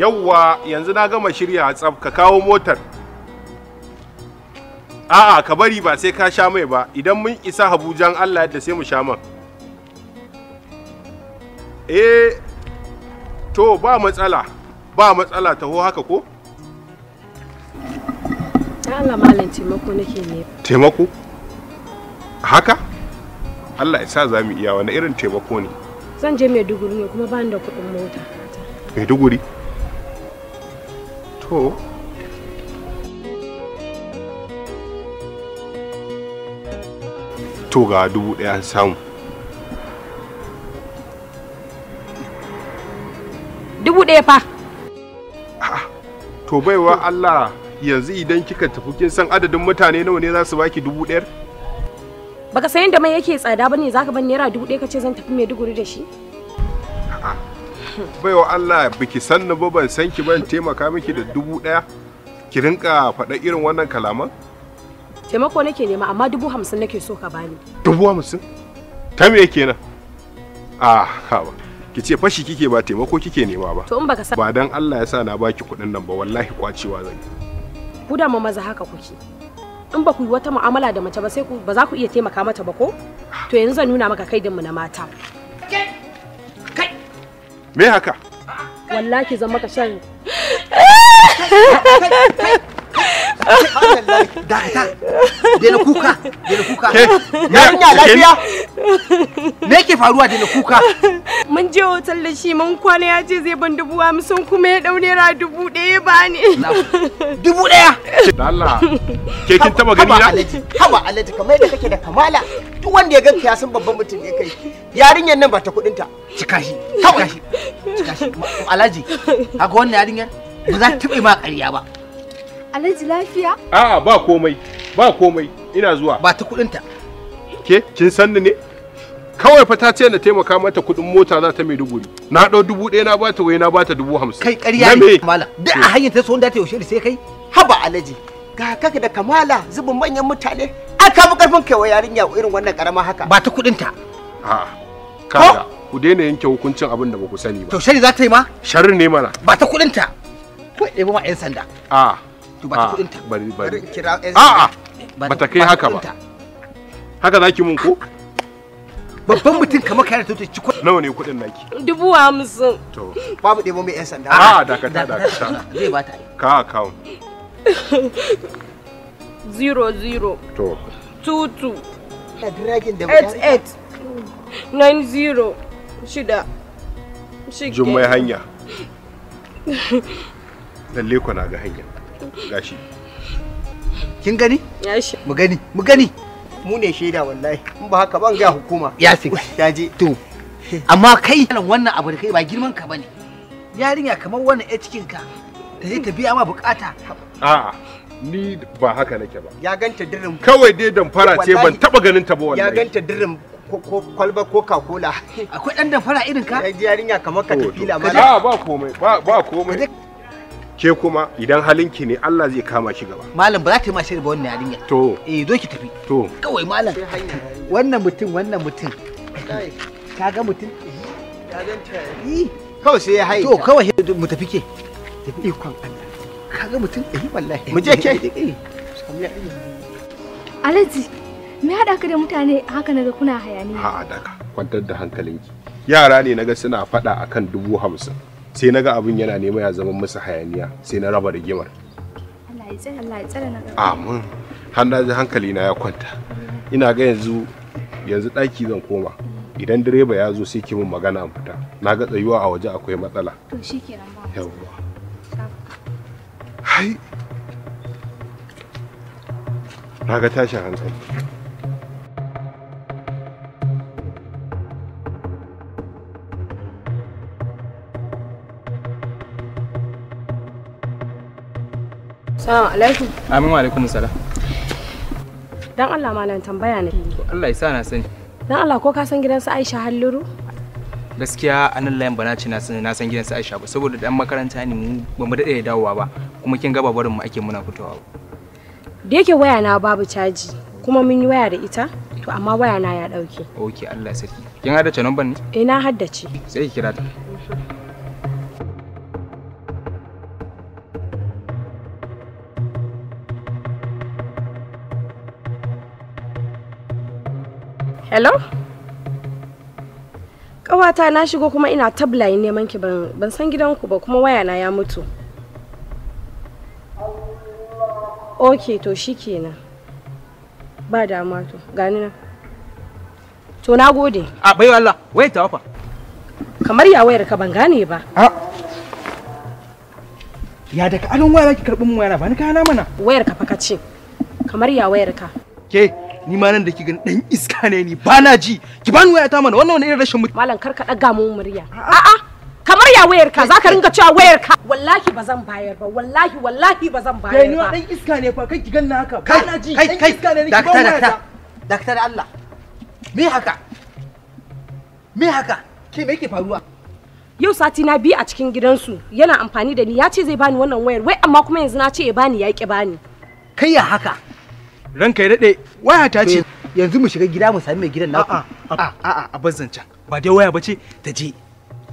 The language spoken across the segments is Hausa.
yawwa yanzu na gama shirya tsaf ka kawo motar a'a ka bari ba sai ka sha mai ba idan mun isa habujan allah yadda sai mu sha man eh to ba matsala ba matsala taho haka ko Allah malam taimako nake ne taimako haka Allah isa sa za mu iya wani irin taimako ne zan je maiduguri ne kuma ba da kuɗin mota maiduguri to to ga dubu daya samu dubu daya fa to baiwa Allah yanzu idan kika tafi kin san adadin mutane nawa ne za su baki dubu ɗayar? Baka sayan da mai yake tsada bane zaka ban naira dubu ɗaya ce zan tafi mai duguri da shi? baiwa Allah biki san ni ba ban san ki ban taimaka miki da dubu daya ki rinka faɗa irin wannan kalaman? Taimako nake nema amma dubu hamsin nake so ka bani. Dubu hamsin? Ta me kenan? Ah, haba. Ki ce fashi kike ba taimako kike nema ba. To in baka sa Ba dan Allah ya sa na baki kuɗin nan ba wallahi kwacewa zan yi. Ku da maza haka kuke. In ba ku yi wata mu'amala da mace ba sai ku ba za ku iya taimaka mata ba ko? Ah. To yanzu zan nuna maka kaidinmu na mata. me haka wallahi zan maka sharri Dakata, daina kuka, kuka. Me faruwa daina kuka? mun je hotel da shi mun kwana ya ce zai ban dubu hamsin kuma ya dau naira dubu ɗaya ba ne. Dubu ɗaya? Allah ke kin taba gani na? Haba alaji kamar yadda kake da kamala duk wanda ya ganka ya san babban mutum ne kai yarinyar nan ba ta kuɗin ta. Cika shi cika shi Alaji shi alaji wannan yarinyar ba za ta taɓa ma ƙarya ba. alaji lafiya? A'a ba komai ba komai ina zuwa. Ba ta kuɗin ta. Ke kin san ni ne? kawai fa ta ce na taimaka mata kuɗin mota za ta Maiduguri na ɗau dubu ɗaya na bata wai na bata dubu hamsin kai ƙarya ne malam duk a hanyar ta so da ta yaushe da sai kai haba alaji ga kaka da kamala zubin manyan mutane aka fi karfin wa yarinya irin wannan karama haka ba ta kuɗin ta a kaga ku daina yanke hukuncin abin da ba ku sani ba to shari za ta yi ma sharri ne mana ba ta kuɗin ta ko ɗebo ma 'yan sanda a'a to ba ta kuɗin ta bari bari a'a ba ta kai haka ba haka zaki mun ko babban mutum kamar kayar ta ci kuɗi nawa ne kuɗin naki dubu hamsin to babu ɗebo mai yan sanda a ah, dakata dakata zai ba ta ka account zero zero to two two eight eight nine zero shida jummai hanya lalle ku na ga hanya gashi kin gani mu gani mu gani mu ne shaida wallahi in ba haka ban ga hukuma ya fi ya ji to amma kai wannan abu da kai ba girman ka bane yarinya kamar wannan ya cikin ka ta je ta biya ma bukata a'a ni ba haka nake ba ya ganta dirin kawai dai damfara ce ban taba ganin ta ba wallahi ya ganta dirin kwalba ko kakola akwai dan damfara irin ka yarinya kamar ka tafila labarin a ba komai ba komai ke kuma idan halinki ne Allah zai kama shi gaba malam ba za ta yi mashi ba wannan yarinya to eh zo ki tafi to kawai malam wannan mutum wannan mutum ka ga mutum ka ganta eh. kawai sai ya haye to kawai mu tafi ke tafi ikon Allah ka ga mutum eh wallahi mu je ke eh. Alhaji me haɗa ka da mutane haka naga kuna hayaniya a'a daka kwantar da hankalinki yara ne naga suna faɗa akan dubu hamsin sai na ga abin yana nema ya zama musu hayaniya sai na raba rigimar amin hannaji hankali na ya kwanta ina ga yanzu yanzu ɗaki zan koma idan direba ya zo sai ki min magana an fita na ga tsayuwa a waje akwai matsala to shikenan na ga tashin hankali Salamu alaikum. Amin wa alaikum salam. Dan Allah malam tambaya ne. Allah ya sa na sani. Dan Allah ko ka san gidan su Aisha Halluru? Gaskiya a nan layin bana ce na san na san gidan su Aisha ba saboda dan makaranta ne mu ba mu dade dawowa ba kuma kin ga babarin mu ake muna fitowa. Da yake waya na babu caji kuma mun yi waya da ita to amma waya na ya dauke. Okay Allah sarki. Kin haddace number ne? Eh na haddace. Sai ki kira ta. Hello? Ƙawata na shigo kuma ina tablayin neman ki ban san gidanku ba kuma wayana ya mutu. Ok to shikenan. Ba damuwa to gani na. To na gode. A baiwa Allah, wai ta wafa. Kamar ya wayar ka ban gane ba. A Ya daga alon waya ki karbin mu yana ba ni kana mana. Wayar ka fa ka ce. Kamar ya wayar ka. Ke, ni ma nan da ki gani dan iska ne ni ba na ji ki bani waya ta mana wannan wani irin rashin mutum malam kar ka daga mu murya a kamar ya wayar ka zaka ringa cewa wayar ka wallahi ba zan bayar ba wallahi wallahi ba zan bayar ba ni dan iska ne fa kai ki ganna haka ba na ji dan iska ne ni ki ba waya daktar Allah me haka me haka ke me yake faruwa yau sati na biyu a cikin gidansu yana amfani da ni ya ce zai bani wannan wayar wai amma kuma yanzu na ce ya bani ya ki bani kai ya haka ranka ya daɗe waya ta ce yanzu mu shiga gida mu sami mai gidan naku a a'a a can. ba dai waya bace ta je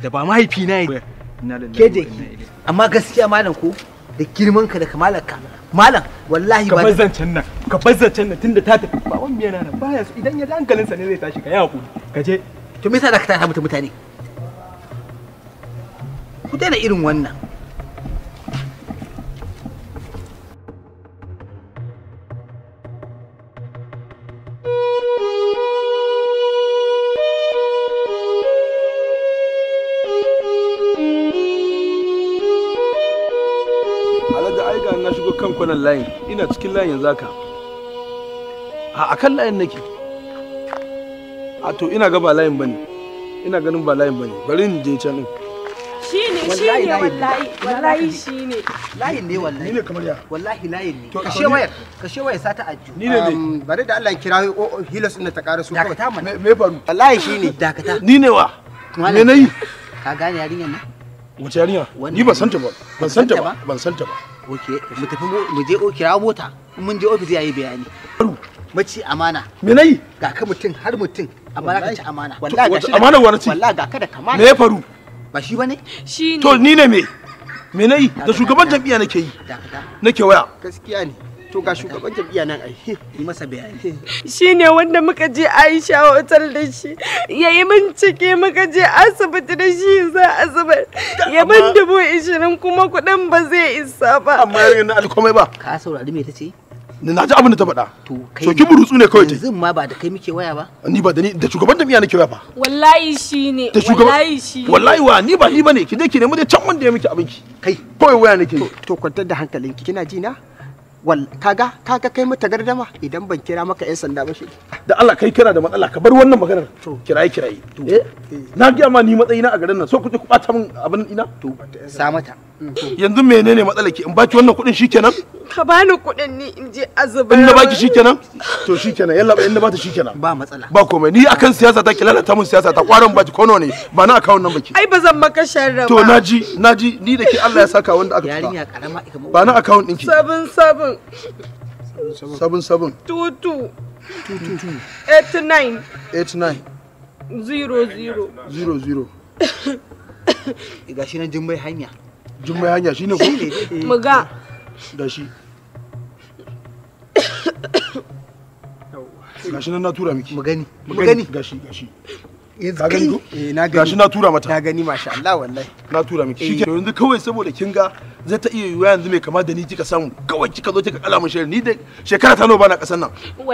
da ba mahaifi na yi ke da ki amma gaskiya malam ko da girman ka da kamalar ka malam wallahi ba ka can nan ka bazancan nan tunda ta tafi ba wani yana nan baya su idan ya ji hankalinsa ne zai tashi ka yi hakuri ka je to me yasa da ka tara mutane ku daina irin wannan layin ina cikin layin yanzu haka a akan layin nake a to ina ga ba layin bane ina ganin ba layin bane bari in je can din shine shine wallahi wallahi shine layin ne wallahi ne kamar ya wallahi layin ne kashe wayar kashe wayar sata ajju ni ne um, bari da Allah ya kira hilas din ta karasu kawai me faru wallahi shine dakata ni ne wa me nayi ka gane yarinyar nan wace yarinya ni ba santa ba ban santa ba ban santa ba Oke, mu tafi mu je kira mota. In mun je ofis yayi bayani. Mace amana. Me nayi? Ga ka mutum har mutum. Amma ka ci amana. Wallahi ga Amana wani ci. Wallahi ga ka da Me ya faru? Ba shi bane? Shi ne. To ni ne me? Me nayi? Da shugaban jam'iyya nake yi. Nake waya. Gaskiya ne. to ga shugaban jam'iyya nan ai yi masa bayani shine wanda muka je Aisha hotel da shi yayi min cike muka je asibiti da shi za asibar ya ban dubu 20 kuma kuɗin ba zai isa ba amma yanzu alkomai ba ka saurari me tace ni naji abin da ta faɗa. To kai soki burutsu ne kawai. Yanzu ma ba da kai muke waya ba. Ni ba da ni da shugaban jami'a nake waya ba. Wallahi shine. Wallahi shine. Wallahi wa ni ba ni bane ki je ki nemi da can wanda ya miki abinki. Kai. Kawai waya nake. To kwantar da hankalinki kina ji na? wal kaga kaga kai mata gardama idan ban kira maka yan sanda ba shi da Allah kai kana da matsala ka bar wannan maganar to kirayi kirayi to eh? Eh. na ga ma ni matsayina a garin nan so ku ku bata min abin ina to sa mata yanzu menene matsalar ki in baki wannan kuɗin shikenan ka bani kuɗin ni in je azubar in na baki shikenan to shikenan yalla in na bata shikenan ba matsala ba komai ni akan siyasa ta ki lalata mun siyasa ta kwaron baki kono ne ba na akawun nan baki ai ba zan maka sharra ba to naji naji ni da ke Allah ya saka wanda aka yarinya karama ba na akawun ki sabun sabun sabun sabun tutu tutu 89 89 00 00 shi na jin hanya jumai hanya shi ne kuma eh, eh. muga da shi gashi nan na tura miki mu gani mu gani gashi gashi Eh, eh, gashi na tura mata na gani masha Allah wallahi na tura miki eh. yanzu kawai saboda kin ga zai ta iya yiwuwa yanzu mai kama da ni kika samu kawai kika zo kika kala mun ni da shekara ta nawa bana kasan nan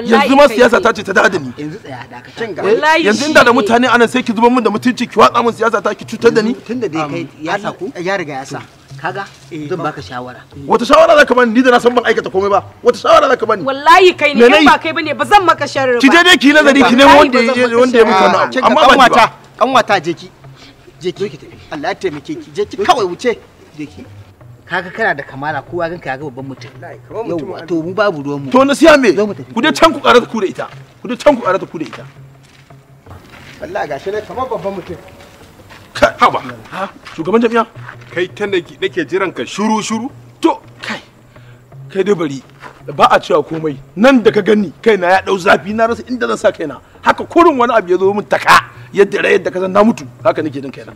yanzu ma siyasa ta ce ta da ni yanzu tsaya da ga wallahi yanzu inda da mutane anan sai ki zuba mun da mutunci ki watsa mun siyasa ta ki cutar da ni tunda dai kai ya sa ku ya riga ya sa kaga eh, zan baka shawara wata shawara zaka bani ni da na san ban aikata komai ba wata shawara zaka bani wallahi kai ne in ba kai bane ba zan maka sharri ba ki je dai ki nazari ki ne wanda wanda ya muku wannan amma ban wata kan wata je ki je ki Allah ya taimake ki je ki kawai wuce je ki kaga kana da kamala kowa ganka ya ga babban mutum to mu babu ruwan mu to na siya me ku dai can ku karata ku da ita ku dai can ku karata ku da ita Allah gashi ne kamar babban mutum haba shugaban jami'a kai ta nake jiran ka shuru shuru to kai kai da bari ba a cewa komai nan da ka gani kaina ya dau zafi na rasa inda zan sa kaina haka kurin wani abu ya zo min taka yadda rai yadda ka san na mutu haka nake jin kaina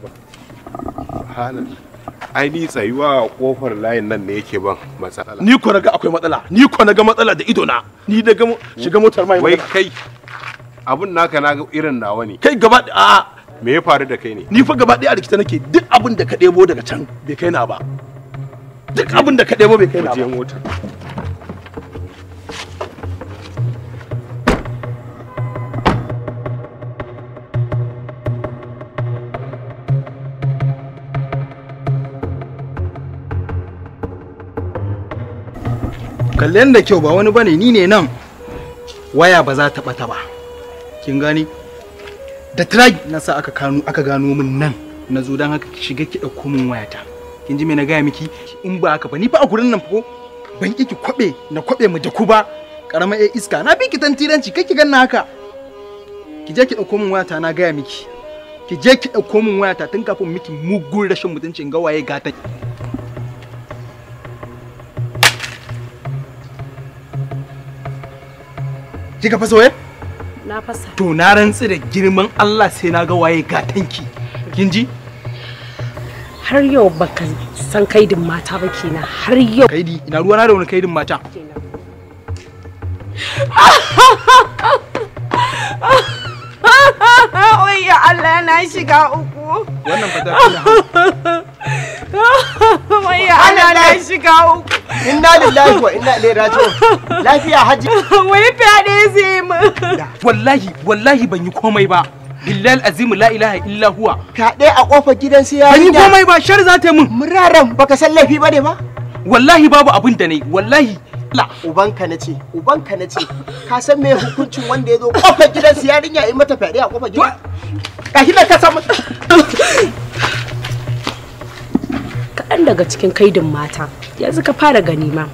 ai ni tsayuwa kofar layin nan ne yake ban matsala ni ko naga akwai matsala ni ko naga matsala da ido na ni da shiga motar mai wai kai abun naka naga irin nawa ne kai gaba a me ya faru da kai ne ni fa gaba ɗaya a rikita nake duk abin da ka ɗebo daga can bai kai na ba duk abin da ka ɗebo bai kai na ba motar kallon da kyau ba wani bane ni ne nan waya ba za ta bata ba kin gani da try na sa aka kano aka gano min nan na zo don haka shiga ki ɗauko min wayata kin ji me na gaya miki in ba haka ba ni fa a gurin nan ko ban ki ki kwabe na kwabe mu da ku ba karama ai iska na bi ki tantiranci kai ki ganna haka ki je ki ɗauko min wayata na gaya miki ki je ki ɗauko min wayata tun kafin miki mugun rashin mutuncin ga waye gatan Kika fasa wayar? na fasa to na rantsi da girman Allah sai na ga waye gatanki kin ji har yau baka san kaidin mata ba kenan har yau kaidi ina ruwa na da wani kaidin mata Oya Allah na shiga uku. Wannan fata Oya Allah na shiga uku. inna lillahi wa inna ilaihi raji'un lafiya haji wai fyaɗe zai mu wallahi wallahi ban yi komai ba Billal azimu la ilaha illa huwa. Kaɗe a ƙofar gidan su ya Ban yi komai ba shar za ta mun. Muraran baka san laifi ba ne ba? Wallahi babu abin da ne wallahi. Ubanka na ce, ubanka na ce, ka san me hukuncin wanda ya zo kofar gidan su yarinya in mata fyaɗe a kofar gidan? Ka hila ka san kaɗan daga cikin kaidin mata yanzu ka fara gani ma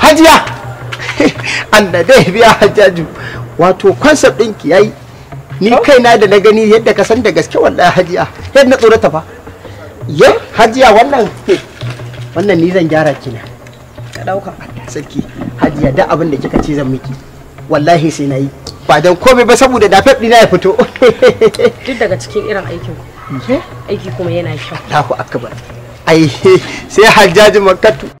hajiya Allah dai biya hajjaju wato concept ɗinki yayi ni oh. kaina da na gani yadda ka san da gaske wallahi hajiya yadda na tsorata fa ya hajiya wannan wannan ni zan gyara ki na ka dauka sarki hajiya da abin da kika ce zan miki wallahi sai na yi ba don komai ba saboda da faɗi na ya fito duk daga cikin irin aikin aiki kuma yana kyau Allahu akbar ai sai hajjaji makatu